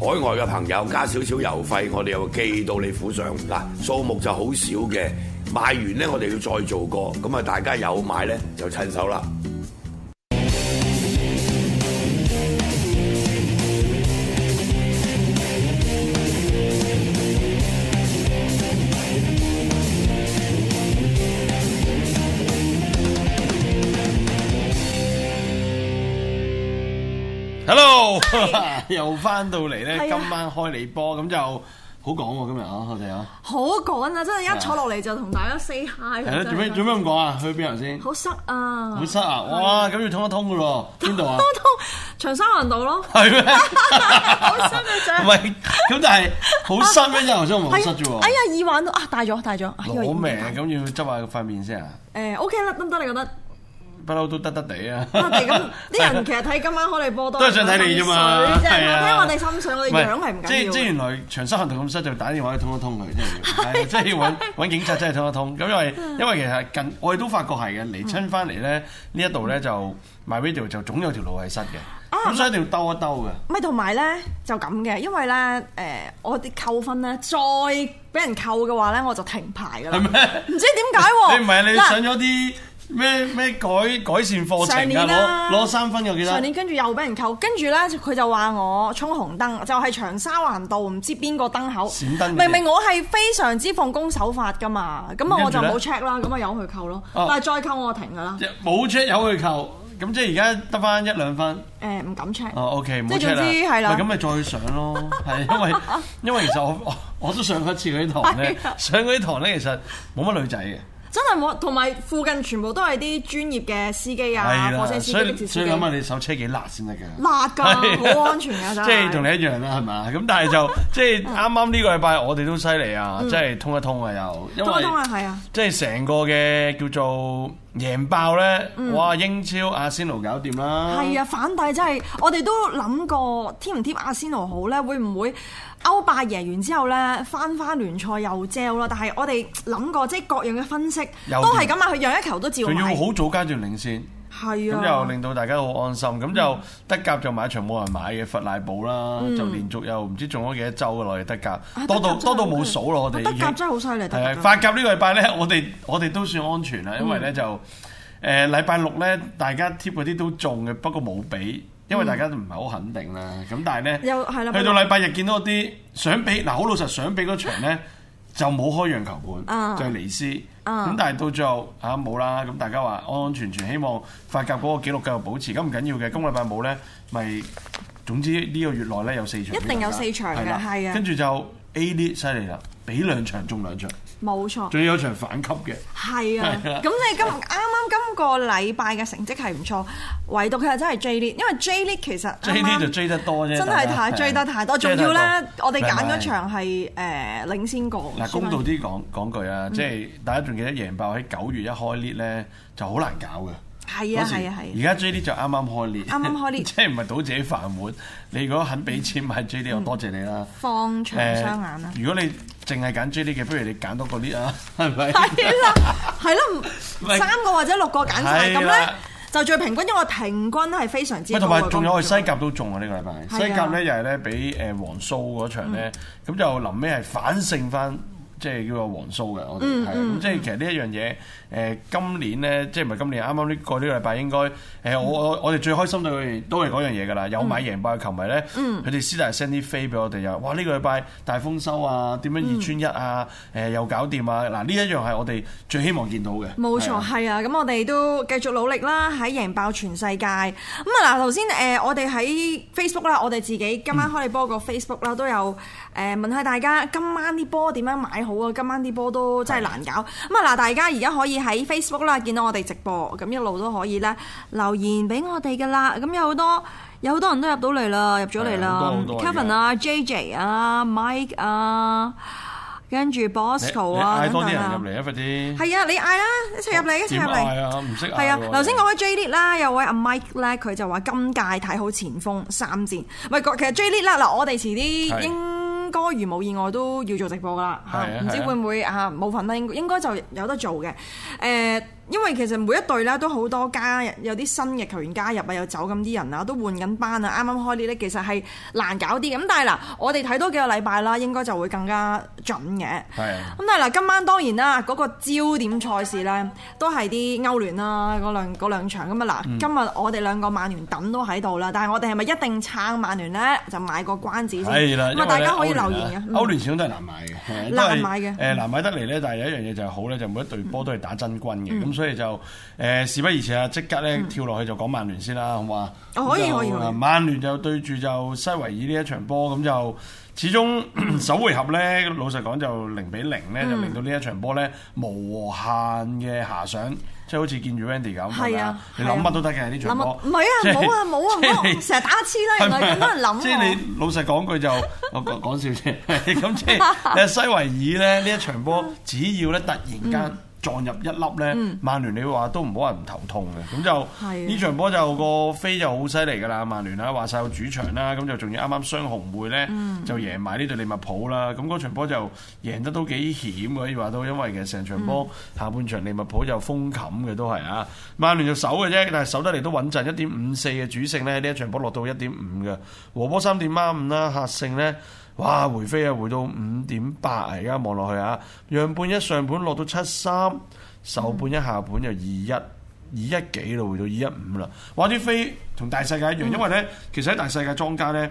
海外嘅朋友加少少郵費，我哋又寄到你府上。嗱，數目就好少嘅，賣完呢，我哋要再做過，咁啊大家有買呢，就趁手啦。Hello。 又翻到嚟咧，今晚開你波，咁就好趕喎今日啊，我哋啊，好趕啊，真係一坐落嚟就同大家 say hi。係啊，做咩做咩咁講啊？去邊度先？好塞啊！好塞啊！哇，咁要通一通嘅咯，邊度啊？通一通長沙灣道咯。係咩？好塞嘅啫！喂！唔係，咁但係好塞咩？因為長沙灣道塞住。哎呀耳環都啊戴咗戴咗。好明！咁要執下個塊面先啊？誒 OK 啦，得唔得你覺得。不嬲都得得哋啊！啲人其實睇今晚開你波多都係想睇你啫嘛，即係睇我哋心水，我哋樣係唔緊要。即即原來長沙行道咁塞，就打電話通一通佢，即係要，真係要搵警察真係通一通。咁因為因為其實近我哋都發覺係嘅，嚟親翻嚟咧呢一度咧就 My video 就總有條路係塞嘅，咁所以一定要兜一兜嘅。咪同埋咧就咁嘅，因為咧誒我哋扣分咧再俾人扣嘅話咧我就停牌㗎啦。唔知點解。你唔係你上咗啲？咩咩改改善課程啊？攞攞三分有幾多？上年跟住又俾人扣，跟住咧佢就話我衝紅燈，就係長沙灣道唔知邊個燈口閃燈。明明我係非常之奉公守法噶嘛，咁啊我就冇 check 啦，咁啊由佢扣咯。但係再扣我停噶啦。冇 check 由佢扣，咁即係而家得翻一兩分。誒唔敢 check。OK，唔好 check 啦。即係總之係啦。咪咁咪再上咯，係因為因為其實我我都上過一次嗰啲堂咧，上嗰啲堂咧其實冇乜女仔嘅。真係冇，同埋附近全部都係啲專業嘅司機啊，貨車司機、的士司機。所以所以諗下，你手車幾辣先得嘅，辣㗎的，好安全㗎。即係同你一樣啦，係嘛？ 咁但係就、就是剛剛嗯、即係啱啱呢個禮拜，我哋都犀利啊！即係通一通啊，又。通一通啊，係啊。即係成個嘅叫做。贏爆咧，嗯、哇！英超阿仙奴搞掂啦，係啊，反帝真係，我哋都諗過貼唔貼阿仙奴好咧，會唔會歐霸贏完之後咧翻翻聯賽又膠啦？但係我哋諗過即係各樣嘅分析都，都係咁啊，佢讓一球都照。仲要好早階段領先。係咁又令到大家好安心，咁就德甲就買場冇人買嘅佛賴堡啦，就連續又唔知中咗幾多周嘅落去德甲，多到多到冇數咯，我哋已經德甲真係好犀利。誒，法甲呢個禮拜咧，我哋我哋都算安全啦，因為咧就誒禮拜六咧，大家貼嗰啲都中嘅，不過冇畀，因為大家都唔係好肯定啦。咁但係咧，去到禮拜日見到啲想畀嗱，好老實想畀嗰場咧，就冇開讓球盤，就係尼斯。咁、嗯、但係到最後啊冇啦，咁大家話安安全全，希望法甲個紀錄繼續保持，咁唔緊要嘅，今個禮拜冇咧，咪總之呢個月內咧有四場，場，一定有四場嘅，係啊吧，跟住是的 就 A 啲犀利啦，比兩場中兩場，冇錯，仲沒錯 有一場反級嘅，係啊，咁你今啱啱。 個禮拜嘅成績係唔錯，唯獨佢又真係 J 跌，因為 J 跌其實，J 跌就追得多啫，真係太追得太多。仲要咧，我哋揀咗場係誒領先過。嗱，公道啲講講句啊，即係大家仲記得贏爆喺九月一開列咧，就好難搞嘅。係啊，係啊，係。而家 J 跌就啱啱開列，啱啱開列。即係唔係倒自己飯碗？你如果肯俾錢買 J 跌，我多謝你啦。放長雙眼啦！如果你淨係揀 j 啲嘅，不如你揀多個啲啊，係咪？ 係啦，係啦， 三個或者六個揀晒！咁咧，就最平均，因為平均係非常之。唔係，同埋仲有我西甲都中啊！呢個禮拜西甲咧又係咧，畀誒黃蘇嗰場咧，咁就臨尾係反勝翻。即係叫做黃蘇嘅，我哋係咁，即係其實呢一樣嘢，誒今年咧，即係唔係今年啱啱呢過呢個禮拜應該誒，我我哋最開心對，佢哋都係嗰樣嘢㗎啦，有買贏爆嘅球迷咧，佢哋私底下 send 啲飛俾我哋，又哇呢個禮拜大豐收啊，點樣二穿一啊，誒又搞掂啊，嗱呢一樣係我哋最希望見到嘅。冇錯，係啊，咁我哋都繼續努力啦，喺贏爆全世界。咁啊嗱，頭先誒我哋喺 Facebook 啦，我哋自己今晚開你波個 Facebook 啦，都有。誒問下大家，今晚啲波點樣買好啊？今晚啲波都真係難搞咁啊！嗱，大家而家可以喺 Facebook 啦，見到我哋直播，咁一路都可以咧留言俾我哋噶啦。咁有好多有好多人都入到嚟啦，入咗嚟啦，Kevin 啊，JJ 啊，Mike 啊，跟住 Bosco 啊等等入嚟啊！快啲係啊！你嗌啦，一齊入嚟，一齊入嚟係啊！唔識嗌啊！頭先講開 Jade 啦，有位阿 Mike 咧，佢就話今屆睇好前鋒三戰。唔其實 Jade 啦，嗱，我哋遲啲應該如冇意外都要做直播噶啦，唔、啊、知會唔會是啊冇份啦？應該就有得做嘅。誒、呃。因為其實每一隊咧都好多加入有啲新嘅球員加入啊，又走咁啲人啊，都換緊班啊，啱啱開啲咧，其實係難搞啲咁。但係嗱，我哋睇多幾個禮拜啦，應該就會更加準嘅。係。咁但係嗱，今晚當然啦，嗰個焦點賽事咧都係啲歐聯啦，嗰兩嗰兩場咁啊嗱。今日我哋兩個曼聯等都喺度啦，但係我哋係咪一定撐曼聯咧？就買個關子先。咁啊係，因為大家可以留言啊。歐聯始終都係難買嘅。難買嘅。誒難，難買得嚟咧，但係有一樣嘢就係好咧，就每一隊波都係打真軍嘅。嗯嗯。所以就誒事不宜遲啊！即刻咧跳落去就講曼聯先啦，好嘛？可以可以。曼聯就對住就西維爾呢一場波，咁就始終首回合咧，老實講就零比零咧，就令到呢一場波咧無限嘅遐想，即係好似見住 Wendy 咁。係啊，你諗乜都得嘅呢場波。唔係啊，冇啊冇啊成日打黐啦，原來咁多人諗。即係你老實講句就，我講講笑啫。咁即係西維爾咧呢一場波，只要咧突然間。撞入一粒呢，曼聯你話都唔好話唔頭痛嘅，咁就呢場波就個飛就好犀利㗎啦，曼聯啦，話晒有主場啦，咁、嗯、就仲要啱啱雙紅會呢，就贏埋呢對利物浦啦，咁嗰、嗯、場波就贏得都幾險可以話到，因為其實成場波、嗯、下半場利物浦就封冚嘅都係啊，曼聯就守嘅啫，但係守得嚟都穩陣，一點五四嘅主勝呢，呢一場波落到一點五嘅，和波三點三五啦，客勝呢。哇！回飛啊，回到五點八啊！而家望落去啊，讓半一上盤落到七三，受半一下盤就二一，二一幾就回到二一五啦。哇！啲飛同大世界一樣，嗯、因為咧，其實喺大世界莊家咧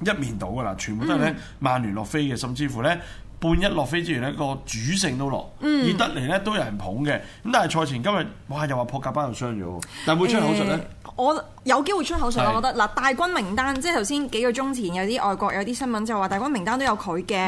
一面倒噶啦，全部都係咧曼聯落飛嘅，甚至乎咧。半一落飛之後咧，個主勝都落，熱、嗯、得嚟呢，都有人捧嘅。咁但係賽前今日，哇又話破格巴又傷咗，但係會出口術呢、欸？我有機會出口術是我覺得嗱大軍名單，即係頭先幾個鐘前有啲外國有啲新聞就話大軍名單都有佢嘅，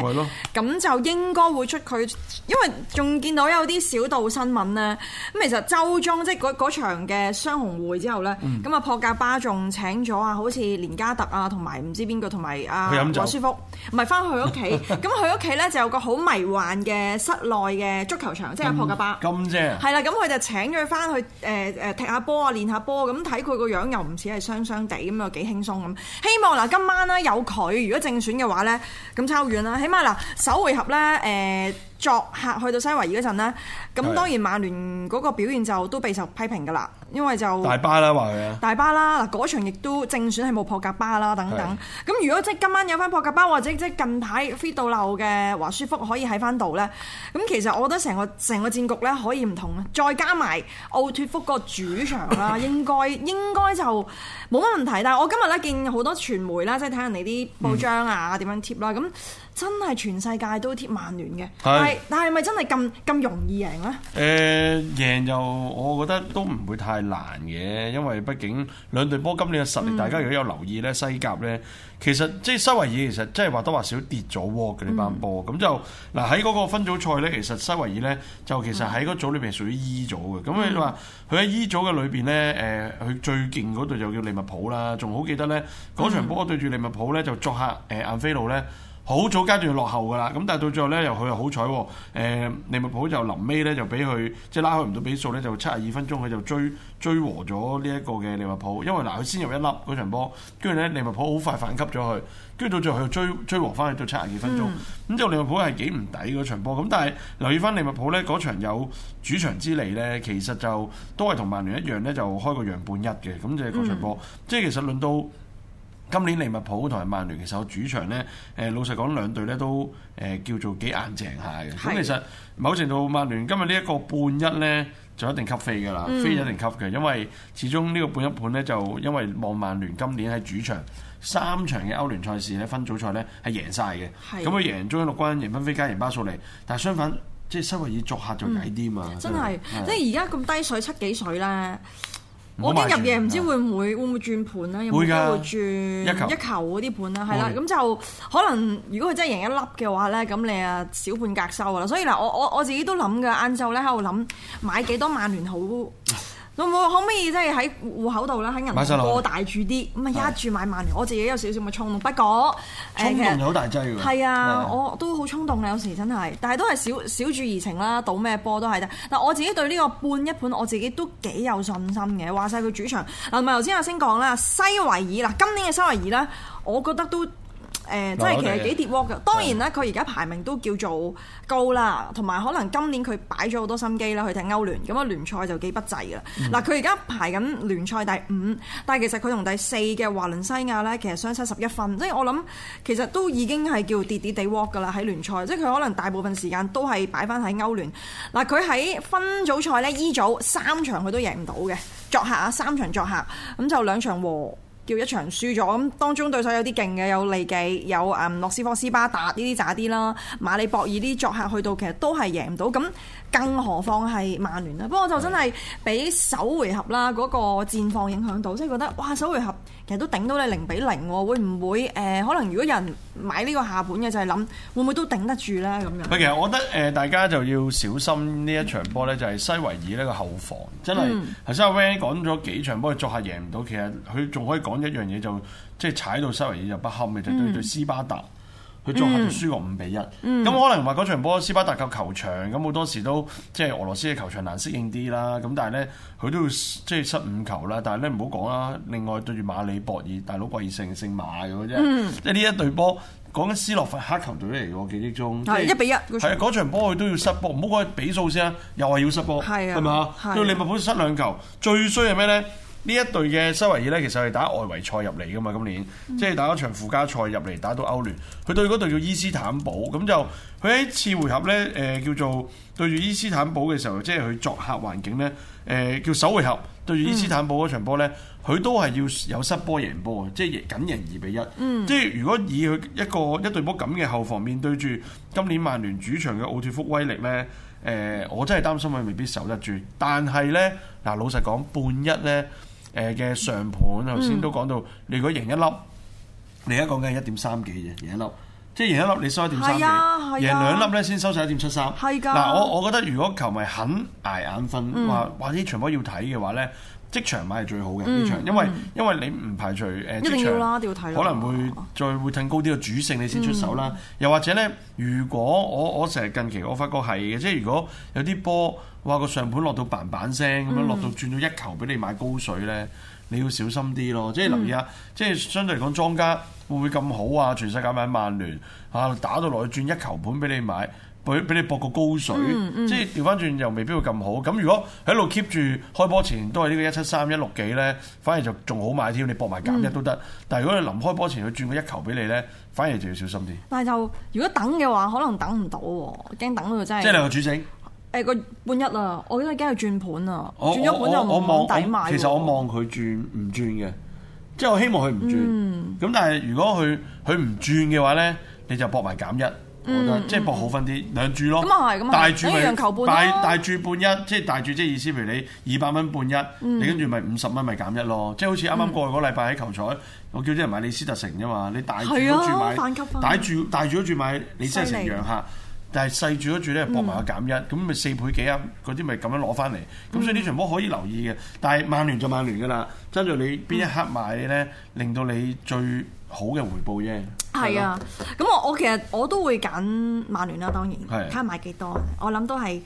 咁的就應該會出佢，因為仲見到有啲小道新聞呢。咁其實週中即係嗰場嘅雙紅會之後呢，咁啊破格巴仲請咗啊，好似連加特啊，同埋唔知邊個，同埋啊韋舒福，唔係翻去屋企，咁佢屋企咧就。有個好迷幻嘅室內嘅足球場，麼即係破格巴咁啫。係啦，咁佢就請咗佢翻去誒誒踢下波啊，練下波。咁睇佢個樣又唔似係傷傷地咁又幾輕鬆咁。希望嗱，今晚咧有佢，如果正選嘅話咧，咁差好遠啦。起碼嗱，首回合咧誒。呃作客去到西維爾嗰陣呢，咁當然曼聯嗰個表現就都備受批評嘅啦，因為就大巴啦話佢，大巴啦嗱，嗰場亦都正選係冇破格巴啦等等。咁是的 如果即係今晚有翻破格巴或者即係近排 fit 到漏嘅華舒福可以喺翻度呢，咁其實我覺得成個成個戰局呢可以唔同，再加埋奧脫福個主場啦， 應該應該就冇乜問題。但係我今日呢見好多傳媒啦，即係睇人哋啲報章啊，點樣 tip 啦咁。嗯真係全世界都貼曼聯嘅，係是但係咪真係咁咁容易贏咧？誒、呃，贏就我覺得都唔會太難嘅，因為畢竟兩隊波今年嘅實力，嗯、大家如果有留意咧，西甲咧其實即係塞維爾其實即係話多話少跌咗喎。佢呢班波咁就嗱喺嗰個分組賽咧，其實塞維爾咧就其實喺嗰組裏邊係屬於 E 組嘅。咁你話佢喺 E 組嘅裏邊咧，誒、呃、佢最勁嗰隊就叫利物浦啦。仲好記得咧嗰場波對住利物浦咧就作客誒，安菲路咧。嗯嗯嗯嗯嗯好早階段落後㗎啦，咁但係到最後咧，又佢又好彩，誒、呃、利物浦就臨尾咧就俾佢即係拉開唔到比數咧，就七十二分鐘佢就追追和咗呢一個嘅利物浦，因為嗱佢先入一粒嗰場波，跟住咧利物浦好快反擊咗佢，跟住到最後佢追追和翻去到七十二分鐘，咁、嗯、就利物浦係幾唔抵嗰場波。咁但係留意翻利物浦咧嗰場有主場之利咧，其實就都係同曼聯一樣咧，就開個讓半一嘅，咁就嗰場波，嗯、即係其實論到。今年利物浦同埋曼聯其實我主場咧，誒老實講兩隊咧都誒叫做幾硬淨下嘅。咁是的 其實某程度曼聯今日呢一個半一咧，就一定吸飛㗎啦，嗯、飛一定吸嘅，因為始終呢個半一盤咧就因為望曼聯今年喺主場三場嘅歐聯賽事咧分組賽咧係贏晒嘅。咁佢是的 贏中央陸軍，贏賓菲加贏巴素利，但係相反即係西維爾作客就矮啲嘛。嗯、真係，即係而家咁低水七幾水咧。我驚入夜唔知會唔會對 會唔會轉盤咧？有冇機會轉一球嗰啲盤咧？係啦，咁就可能如果佢真係贏一粒嘅話咧，咁你啊小半格收啦。所以嗱，我我我自己都諗噶，晏晝咧喺度諗買幾多曼聯好。 可唔可以即係喺戶口度啦，喺銀行過大注啲，咁啊一注買萬年，的我自己有少少咪衝動，不過衝動好大劑喎。係啊，我都好衝動啊，有時真係，但係都係少少注怡情啦，賭咩波都係得。嗱，我自己對呢個半一盤我自己都幾有信心嘅，話晒佢主場嗱，唔係頭先阿聲講啦，西維爾嗱，今年嘅西維爾咧，我覺得都。誒，即係其實幾跌蝸嘅。當然啦，佢而家排名都叫做高啦，同埋可能今年佢擺咗好多心機啦去踢歐聯，咁啊聯賽就幾不濟嘅。嗱，佢而家排緊聯賽第五，但係其實佢同第四嘅華倫西亞呢，其實相差十一分，即係我諗其實都已經係叫跌跌地蝸嘅啦喺聯賽。即係佢可能大部分時間都係擺翻喺歐聯。嗱，佢喺分組賽呢，E 組三場佢都贏唔到嘅，作客啊三場作客，咁就兩場和。叫一場輸咗，咁當中對手有啲勁嘅，有利己，有誒、嗯、莫斯科斯巴達呢啲渣啲啦，馬里博爾呢啲作客去到其實都係贏唔到咁。更何況係曼聯啦，不過就真係俾首回合啦嗰個戰況影響到，即係覺得哇首回合其實都頂到你零比零，會唔會誒？可能如果有人買呢個下盤嘅就係諗會唔會都頂得住咧咁樣。唔其實我覺得誒大家就要小心呢一場波咧，就係西維爾呢個後防真係頭先阿 Van 講咗幾場波作客贏唔到，其實佢仲可以講一樣嘢，就即係踩到西維爾就不堪，嘅就對住斯巴達。嗯佢綜合輸個五比一，咁可能話嗰場波斯巴達個球場，咁好多時都即係俄羅斯嘅球場難適應啲啦。咁但係咧，佢都要即係失五球啦。但係咧唔好講啦。另外對住馬里博爾，大佬博爾勝勝馬嘅啫。即係呢一隊波講緊斯洛伐克球隊嚟嘅我記憶中，係一比一。係啊，嗰場波佢都要失波，唔好講比數先啊，又係要失波，係咪啊？對利物浦失兩球，最衰係咩咧？呢一隊嘅西維爾呢，其實係打外圍賽入嚟㗎嘛，今年、嗯、即係打一場附加賽入嚟打到歐聯。佢對嗰隊叫伊斯坦堡，咁就佢喺次回合呢，誒、呃、叫做對住伊斯坦堡嘅時候，即係佢作客環境呢，誒、呃、叫首回合對住伊斯坦堡嗰場波呢，佢、嗯、都係要有失波贏波嘅，即係僅贏二比一、嗯。即係如果以佢一個一隊波咁嘅後防面，面對住今年曼聯主場嘅奧脫福威力呢，誒、呃、我真係擔心佢未必守得住。但係呢，嗱，老實講，半一呢。誒嘅上盤頭先都講到，你、嗯、如果贏一粒，你而家講緊係一點三幾嘅贏一粒，即係贏一粒你收一點三幾，贏兩粒咧先收曬一點七三。係㗎係㗎。嗱，我我覺得如果球迷肯捱眼瞓，嗯、全部話話啲場波要睇嘅話咧。即場買係最好嘅，即場、嗯，因為、嗯、因為你唔排除誒，一定要啦，一定要睇，可能會再會更高啲嘅主勝你先出手啦。嗯、又或者咧，如果我我成日近期我發覺係嘅，即係如果有啲波，哇個上盤落到板板聲咁樣，嗯、落到轉咗一球俾你買高水咧，你要小心啲咯。即係留意下，嗯、即係相對嚟講，莊家會唔會咁好啊？全世界買曼聯啊，打到落去轉一球盤俾你買。俾俾你博個高水，嗯嗯、即係調翻轉又未必會咁好。咁如果喺度 keep 住開波前都係呢個一七三一六幾咧，3，反而就仲好買添。你博埋減一都得。嗯、但係如果你臨開波前佢轉個一球俾你咧，反而就要小心啲。但係就如果等嘅話，可能等唔到喎，驚等到真係。即係你個主升。誒個、哎、半一啊！我因為驚佢轉盤啊，我我轉咗盤又望底買。其實我望佢轉唔轉嘅，即係我希望佢唔轉。咁、嗯、但係如果佢佢唔轉嘅話咧，你就博埋減一。嗯即係博好分啲，兩注咯。咁啊係，咁啊半大大注半一，即係大注即係意思，譬如你二百蚊半一，你跟住咪五十蚊咪減一咯。即係好似啱啱過去嗰個禮拜喺球彩，我叫啲人買李斯特城啫嘛。你大注一注買，大注大注一注買李斯特城，讓客。但係細注一注咧博埋個減一，咁咪四倍幾啊？嗰啲咪咁樣攞翻嚟。咁所以呢場波可以留意嘅。但係曼聯就曼聯㗎啦。真係你邊一刻買咧，令到你最。好嘅回報啫，係啊！咁我我其實我都會揀曼聯啦，當然睇下買幾多，我諗都係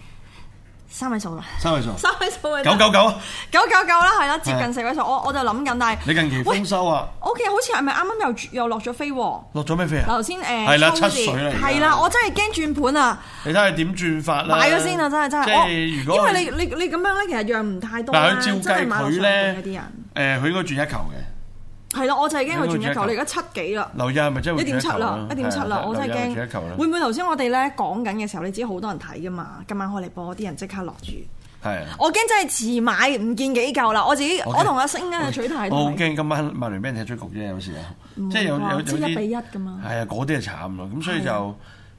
三位數啦，三位數，三位數，九九九，九九九啦，係啦，接近四位數，我我就諗緊，但係你近期豐收啊，OK，好似係咪啱啱又又落咗飛喎？落咗咩飛啊？頭先誒，係啦，出水啦，係啦，我真係驚轉盤啊！你睇下點轉法啦？買咗先啊！真係真係，因為你你你咁樣咧，其實讓唔太多但真係買落上盤嗰啲人，誒，佢應該轉一球嘅。係咯，我就係驚佢轉一球，你而家七幾啦，一點七啦，一點七啦，我真係驚。會唔會頭先我哋咧講緊嘅時候，你知好多人睇噶嘛？今晚我哋播，啲人即刻落住。係，我驚真係遲買唔見幾嚿啦！我自己，我同阿星啊取態。我好驚今晚曼聯畀人踢出局啫，有時啊，即係有有有一比一嘛。係啊，嗰啲就慘咯，咁所以就。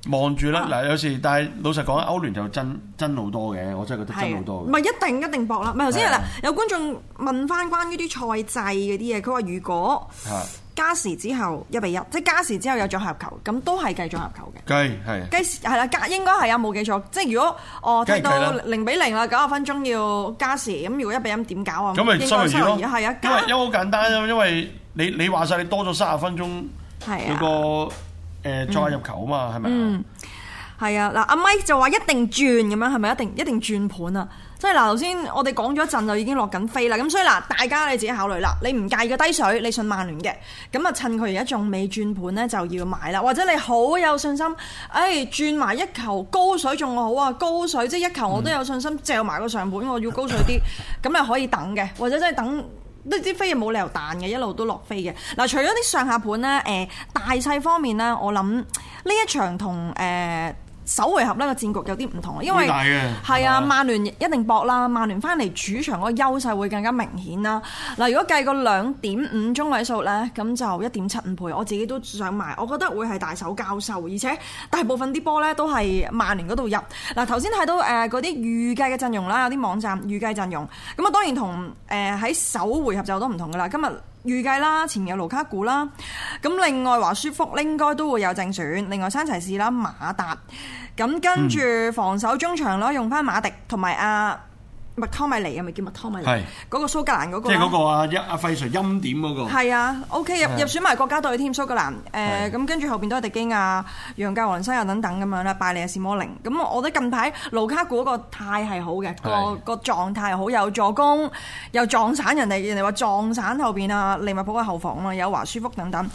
望住啦，嗱，有時但係老實講，歐聯就真真好多嘅，我真係覺得真好多嘅。唔係一定一定搏啦！咪頭先嗱，有觀眾問翻關於啲賽制嗰啲嘢，佢話如果加時之後一比一，即係加時之後有咗合球，咁都係計咗合球嘅。計係計係啦，加應該係啊，冇記錯。即係如果我睇到零比零啦，九十分鐘要加時，咁如果一比一點搞啊？咁咪再而係啊，因為因為好簡單，因為你你話曬你多咗卅分鐘，係啊，個。誒、呃、再入球啊嘛，係咪嗯，係、嗯、啊。嗱，阿 Mike 就話一定轉咁樣，係咪一定一定轉盤啊？即係嗱，頭先我哋講咗一陣就已經落緊飛啦。咁所以嗱，大家你自己考慮啦。你唔介意嘅低水，你信曼聯嘅，咁啊趁佢而家仲未轉盤呢，就要買啦。或者你好有信心，誒、哎、轉埋一球高水仲好啊，高水即係一球我都有信心，借埋個上盤，我要高水啲，咁咪 可以等嘅。或者即係等。都知飛係冇理由彈嘅，一路都落飛嘅。嗱，除咗啲上下盤咧，誒、呃、大細方面咧，我諗呢一場同誒。呃首回合呢個戰局有啲唔同，因為係啊，曼聯一定搏啦，曼、啊、聯翻嚟主場個優勢會更加明顯啦。嗱，如果計個兩點五中位數呢，咁就一點七五倍，我自己都想買，我覺得會係大手交收。而且大部分啲波呢都係曼聯嗰度入。嗱，頭先睇到誒嗰啲預計嘅陣容啦，有啲網站預計陣容，咁啊當然同誒喺首回合就都唔同噶啦。今日預計啦，前面有盧卡古啦，咁另外華舒福應該都會有正選，另外山齊士啦，馬達。咁跟住防守中場咯，用翻馬迪同埋阿麥湯米尼，係咪叫麥湯米尼？嗰個蘇格蘭嗰個。即係嗰個阿阿費 Sir 欽點嗰個。係啊，O K 入入選埋國家隊添，蘇格蘭。誒咁跟住後邊都係迪基亞、楊介、華倫西亞等等咁樣啦，拜利、阿斯摩寧。咁我覺得近排盧卡古嗰個態係好嘅，個個狀態好，有助攻，又撞散人哋，人哋話撞散後邊啊，利物浦嘅後防啦，有華舒福等等。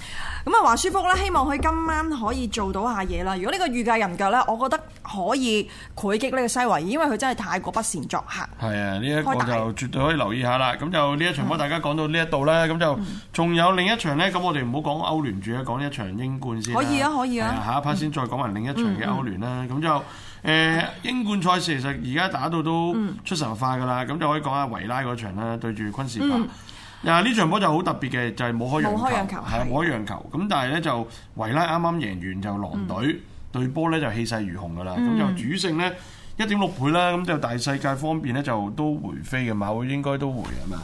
咁啊，華舒福咧，希望佢今晚可以做到下嘢啦。如果呢個預計人腳咧，我覺得可以攰擊呢個西維，因為佢真係太過不善作客。係啊，呢、這、一個就絕對可以留意下啦。咁大就呢一場我大家講到呢一度咧，咁、嗯、就仲有另一場咧。咁我哋唔好講歐聯住，講一場英冠先。可以啊，可以啊。下一 part 先再講埋另一場嘅歐聯啦。咁、嗯嗯、就誒、呃，英冠賽事其實而家打到都出神入化㗎喇。咁、嗯、就可以講下維拉嗰場啦，對住昆士呀！呢場波就好特別嘅，就係冇開讓球，係冇開讓球。咁的的但係咧就維拉啱啱贏完就狼隊、嗯、對波咧就氣勢如虹㗎啦。咁、嗯、就主勝咧一點六倍啦。咁就大世界方面咧就都回飛嘅，馬會應該都回啊嘛。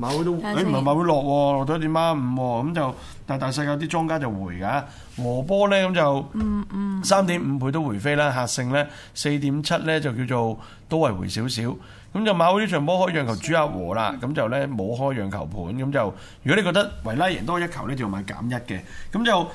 馬會都誒唔係馬會落喎，落到一點三五。咁就但大世界啲莊家就回㗎。和波咧，咁就嗯，嗯，三點五倍都回飛啦，客勝咧四點七咧就叫做都係回少少。咁就馬會呢場波開讓球主客和啦，咁就咧冇開讓球盤。咁就如果你覺得維拉贏多一球要、欸、呢，就買減一嘅。咁就誒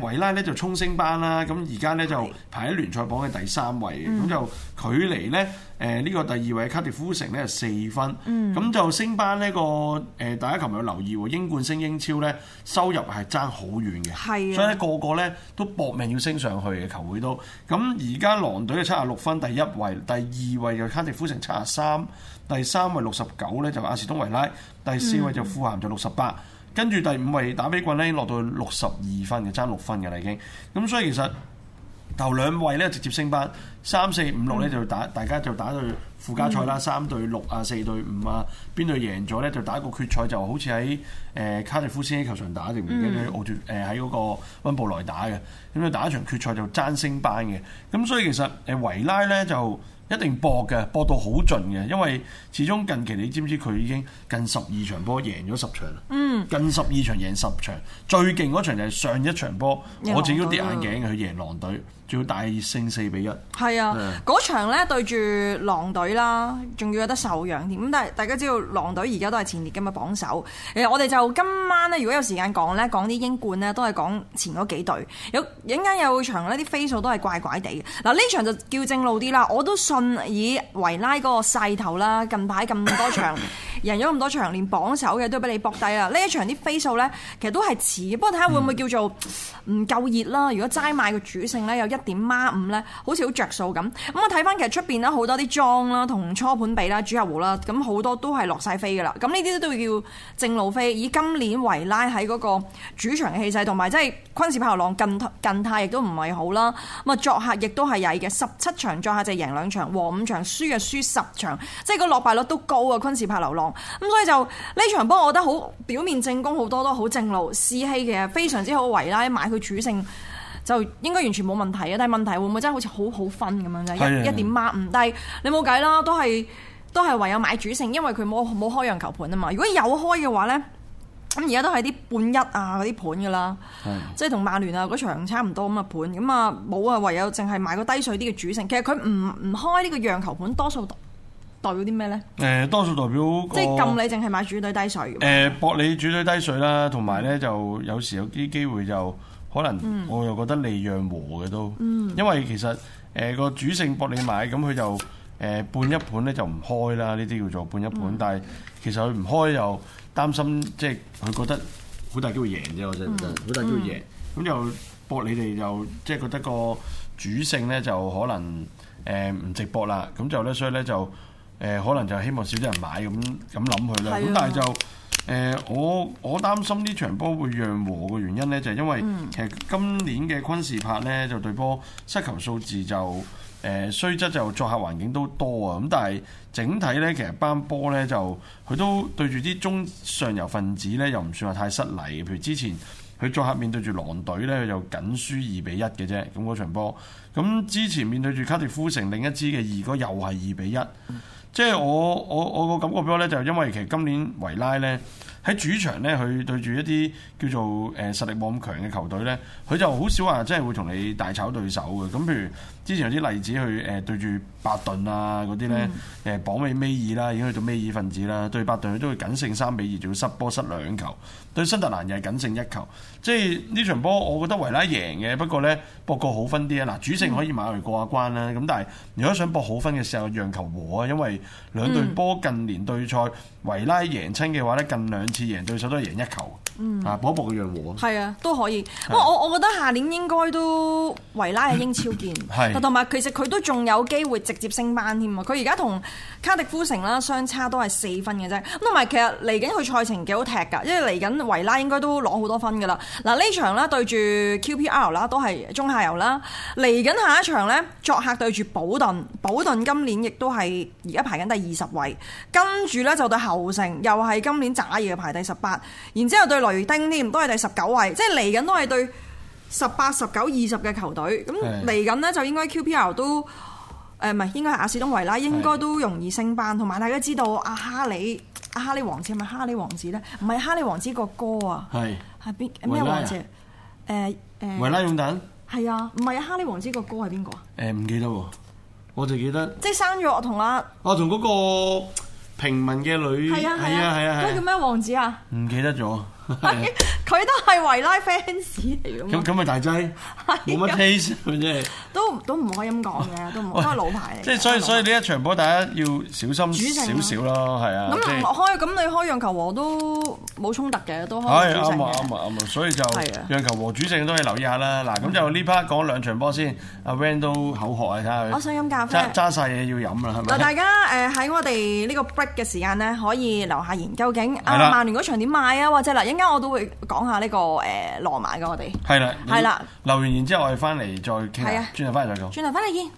維拉咧就衝升班啦。咁而家咧就排喺聯賽榜嘅第三位。咁的就距離咧誒呢、呃這個第二位卡迪夫城咧係四分。咁、嗯、就升班呢個誒大家琴日有留意英冠升英超咧收入係爭好遠嘅。係的。所個個咧都搏命要升上去嘅球會都，咁而家狼隊嘅七啊六分第一位，第二位就卡迪夫城七啊三，第三位六十九咧就阿士東維拉，第四位就富咸就六十八，跟住第五位打比郡咧落到六十二分嘅，爭六分嘅啦已經，咁所以其實。頭兩位咧直接升班，三四五六咧就打，大家就打到附加賽啦，嗯、三對六啊，四對五啊，邊隊贏咗咧就打一個決賽，就好似喺誒卡迪夫斯喺球場打，定唔記得喺誒喺嗰個温布萊打嘅，咁樣打一場決賽就爭升班嘅。咁所以其實誒維、呃、拉咧就一定搏嘅，搏到好盡嘅，因為始終近期你知唔知佢已經近十二場波贏咗十場啦，嗯、近十二場贏十場，最勁嗰場就係上一場波，我整咗跌眼鏡去贏狼隊。仲要大勝四比一，係啊！嗰、嗯、場咧對住狼隊啦，仲要有得受讓添。咁但係大家知道狼隊而家都係前列嘅嘛，榜首。其實我哋就今晚咧，如果有時間講咧，講啲英冠咧，都係講前嗰幾隊。有陣間有場呢啲飛數都係怪怪地。嗱呢場就叫正路啲啦，我都信以維拉嗰個勢頭啦。近排咁多場 贏咗咁多場，連榜首嘅都俾你博低啦。呢一場啲飛數咧，其實都係遲，不過睇下會唔會叫做唔夠熱啦。如果齋買個主勝咧，有一一點孖五咧，1 1. 5, 好似好着數咁。咁我睇翻其實出邊啦，好多啲莊啦，同初盤比啦，主客和啦，咁好多都係落晒飛噶啦。咁呢啲都叫正路飛。以今年維拉喺嗰個主場嘅氣勢，同埋即係昆士柏流浪近近態亦都唔係好啦。咁啊，作客亦都係曳嘅，十七場作客就贏兩場，和五場，輸就輸十場，即係個落敗率都高啊。昆士柏流浪咁，所以就呢場波我覺得好表面正攻好多都好正路士氣，其實非常之好。維拉買佢主勝。就應該完全冇問題啊！但係問題會唔會真係好似好好分咁樣嘅？的一的一點孖唔低，你冇計啦，都係都係唯有買主勝，因為佢冇冇開讓球盤啊嘛！如果有開嘅話咧，咁而家都係啲半一啊嗰啲盤噶啦，的即係同曼聯啊嗰場差唔多咁嘅盤。咁啊冇啊，唯有淨係買個低水啲嘅主勝。其實佢唔唔開呢個讓球盤，多數代表啲咩咧？誒、呃，多數代表即係撳你淨係買主隊低水、呃。誒，博你主隊低水啦，同埋咧就有時有啲機會就。可能我又覺得利養和嘅都，嗯、因為其實誒個、呃、主勝博你買，咁佢就誒、呃、半一盤咧就唔開啦，呢啲叫做半一盤。嗯、但係其實佢唔開又擔心，即係佢覺得好大機會贏啫，我真係好大機會贏。咁又博你哋又即係覺得個主勝咧就可能誒唔、呃、值博啦，咁就咧所以咧就誒、呃、可能就希望少啲人買咁咁諗佢啦。咁的但係就。誒、呃，我我擔心呢場波會讓和嘅原因呢，就係、是、因為其實今年嘅昆士柏呢，就對波失球數字就誒雖則就作客環境都多啊。咁但係整體呢，其實班波呢，就佢都對住啲中上游分子呢，又唔算話太失禮。譬如之前佢作客面對住狼隊呢，又僅輸二比一嘅啫。咁嗰場波，咁之前面對住卡迪夫城另一支嘅二哥又係二比一、嗯。即係我我我個感覺俾我咧，就係、因為其實今年維拉咧。喺主場咧，佢對住一啲叫做誒實力冇咁強嘅球隊咧，佢就好少話真係會同你大炒對手嘅。咁譬如之前有啲例子去誒對住伯頓啊嗰啲咧，誒榜尾尾二啦，已經去到尾二份子啦。對伯頓佢都會僅勝三比二，仲要失波失兩球。對新特蘭又係僅勝一球。即係呢場波，我覺得維拉贏嘅，不過咧博個好分啲啊！嗱，主勝可以買嚟過下關啦。咁、嗯、但係如果想博好分嘅時候，讓球和啊，因為兩隊波近年對賽維拉贏親嘅話咧，近兩次贏對手都係贏一球。嗯，啊，一步一步嘅進步啊，係啊，都可以。不過我我覺得下年應該都維拉喺英超見，同埋是的 其實佢都仲有機會直接升班添啊！佢而家同卡迪夫城啦相差都係四分嘅啫。咁同埋其實嚟緊佢賽程幾好踢㗎，因為嚟緊維拉應該都攞好多分㗎啦。嗱，呢場呢對住 Q P R 啦都係中下游啦。嚟緊下，下一場呢，作客對住保頓，保頓今年亦都係而家排緊第二十位。跟住呢，就對侯城，又係今年渣嘢排第十八。然之後對。雷丁添，都係第十九位，即係嚟緊都係對十八、十九、二十嘅球隊。咁嚟緊呢，就應該 QPR 都誒，唔係應該係阿史東維拉，應該都容易升班。同埋大家知道阿哈利，阿哈利王子係咪哈利王子咧？唔係哈利王子個哥啊，係喺邊咩王子？誒誒，維拉永等係啊，唔係哈利王子個哥係邊個啊？誒唔記得喎，我就記得即係生咗我同阿我同嗰個平民嘅女，係啊係啊係啊，嗰個叫咩王子啊？唔記得咗。哈哈。佢都係維拉 fans 嚟咁，咁咪大劑，冇乜 taste 咩真係？都都唔可以咁講嘅，都唔，都係老牌嚟。即係所以，所以呢一場波，大家要小心少少咯，係啊。咁開咁你開讓球和都冇衝突嘅，都開主勝嘅。開啱啊啱啊啱啊！所以就讓球和主勝都可以留意下啦。嗱，咁就呢 part 講兩場波先。阿 Wendy 都口渴啊，睇下佢。我想飲咖啡。揸曬嘢要飲啦，係咪？嗱，大家誒喺我哋呢個 break 嘅時間咧，可以留下言，究竟阿曼聯嗰場點買啊？或者嗱，陣間我都會講。講下呢、這個誒羅馬嘅我哋係啦，係啦，留完然之後了我哋翻嚟再傾，轉頭翻嚟再講，轉頭翻嚟見。